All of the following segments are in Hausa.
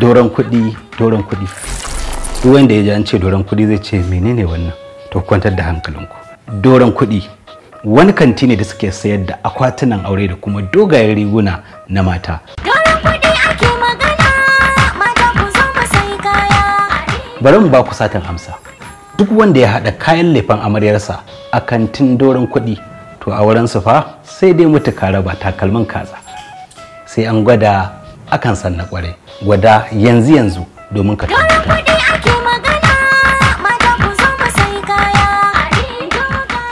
doron kuɗi doron kuɗi duk wanda ya ji an ce doron kuɗi zai ce menene wannan to kwantar da hankalinku doron kuɗi wani kanti ne da suke sayar da akwatunan aure da kuma dogayen riguna na mata bari mu ba ku satin amsa, duk wanda ya haɗa kayan lefan amaryarsa a kantin doron kuɗi to a wurin fa sai dai mutu kara ba takalmin kaza sai an gwada akan san na kwarai gwada yanzu yanzu domin ka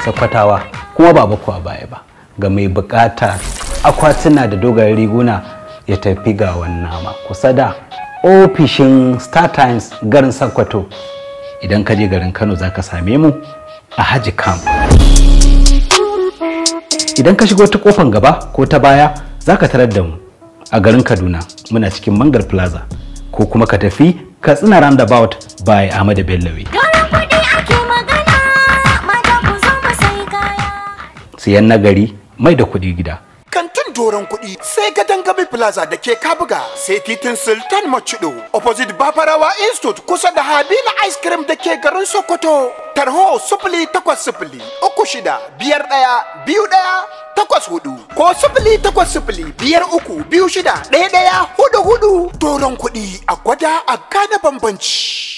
sakwatawa kuma ba baku baya ba ga mai bukata akwatuna da dogayen riguna ya tafi ga wannan ma kusa da ofishin star times garin sakwato idan ka je garin kano za ka same mu a haji camp idan ka shigo ta kofan gaba ko ta baya za ka tarar da mu a garin Kaduna muna cikin Mangal Plaza ko kuma ka tafi Katsina Roundabout by Ahmadu bellawe Siyan nagari mai da kuɗi gida. Kantin doron kuɗi sai gadon gabi plaza da ke kabuga sai titin Sultan machido opposite Babarawa Institute kusa da Habila Ice Cream da ke garin Sokoto. Tarho sufuli takwas sufuli uku shida biyar ɗaya biyu ɗaya takwas hudu ko sifili takwas sifili biyar uku biyu shida ɗaya ɗaya hudu hudu doron kuɗi a gwada a gane bambanci.